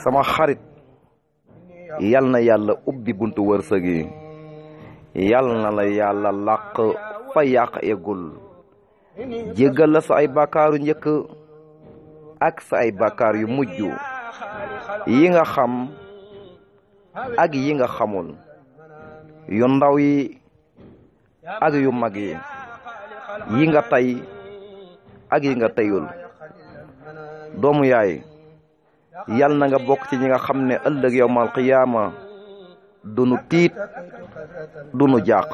sama xarit yal na yàlla ubbi buntu wërsëg yi yal na la yàlla làq fa yàq eggul jéggal la sa ay bàkkaaru njëkk ak sa ay bàkkaar yu mujj yi nga xam ak yi nga xamul yu ndaw yi ak yu mag yi yi nga tey ak yi nga teyul doomu yaay yal na nga bokk ci ñi nga xam ne ëllëg yowmal qiyaama du nu tiit du nu jàq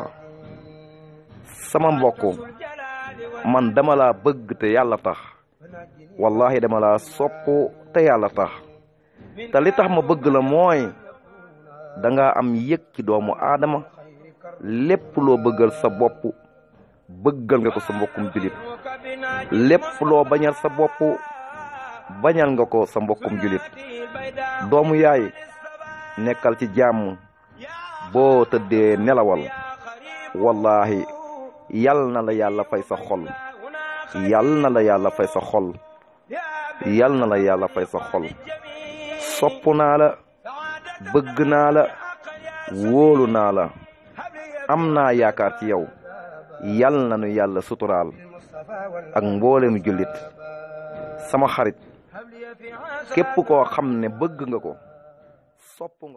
sama mbokk man dama laa bëgg te yàlla tax wallahi dama laa sopp te yàlla tax te li tax ma bëgg la mooy da am yëg ci doomu aadama lépp loo bëggal sa bopp bëggël nga ko sa mbokkum jullit lépp loo sa bopp bañal nga ko sa mbokkum julit doomu yaay nekkal ci jàmm boo tëddee nelawal wallaahi yal na la yàlla fay sa xol yal na la yàlla fay sa xol yal na la yàlla fay sa xol naa la bëgg naa la wóolu naa la am naa yaakaar ci yow yal na nu yàlla suturaal ak mboolem jullit sama xarit képp koo xam ne bëgg nga ko sopp nga